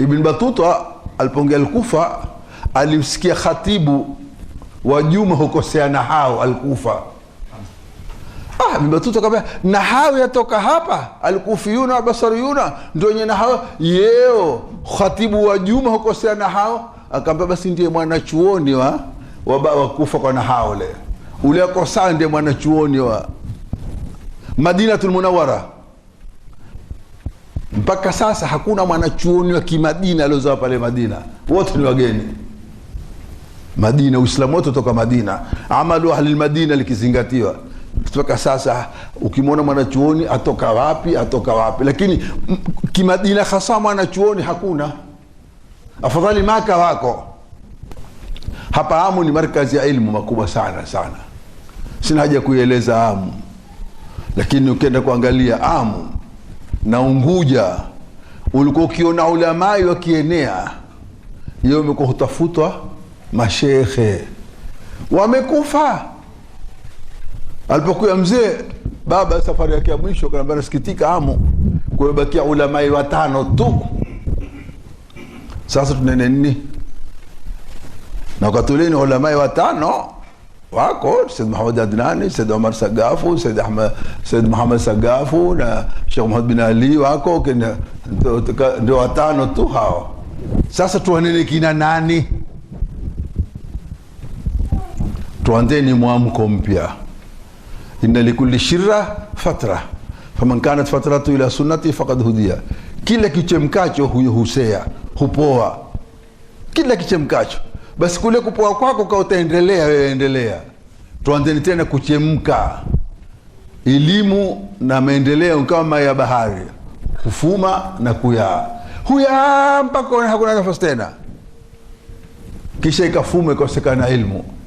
Ibn Batuta alipongea Alkufa alimsikia khatibu wa Juma hukosea nahau Alkufa. Ah, Ibn Batuta kaambia nahau yatoka hapa, alkufiyuna wabasariyuna ndio wenye nahau yeo. Khatibu wa Juma hukosea nahau, akaambia basi ndiye mwanachuoni wa Kufa kwa nahau le ule akosaa ndiye mwanachuoni wa Madinatul Munawara mpaka sasa hakuna mwanachuoni wa kimadina aliozaa pale Madina, wote ni wageni Madina. Uislamu wote toka Madina, amalu ahli lmadina likizingatiwa kutoka sasa. Ukimwona mwanachuoni atoka wapi, atoka wapi, lakini kimadina hasa mwanachuoni hakuna. Afadhali Maka wako hapa. Amu ni markazi ya ilmu makubwa sana sana, sina haja kuieleza Amu, lakini ukienda kuangalia Amu na Unguja ulikuwa ukiona ulamai wakienea, yeye umekuwa hutafutwa mashekhe wamekufa. alipokuya mzee baba safari yake ya mwisho, kanaambia nasikitika amo kumebakia ulamai watano tu, sasa tunene nini? na katuleni ulamai watano wako Said Muhammad Adnani, Said Omar Sagafu, Said Ahmed, Said Muhammad Sagafu na Sheikh Muhammad bin Ali wako kina ndio watano tu hao. Sasa tuanene kina nani? Tuanzeni mwamko mpya. Inna likulli shirra fatra faman kanat fatratu ila sunnati faqad hudia. Kila kichemkacho huyo husea, hupoa. Kila kichemkacho basi kule kupoa kwako ka utaendelea wewe, endelea. Tuanzeni tena kuchemka, elimu na maendeleo kama ya bahari, kufuma na kuyaa, huyaa mpaka hakuna nafasi tena, kisha ikafuma ikakosekana elimu.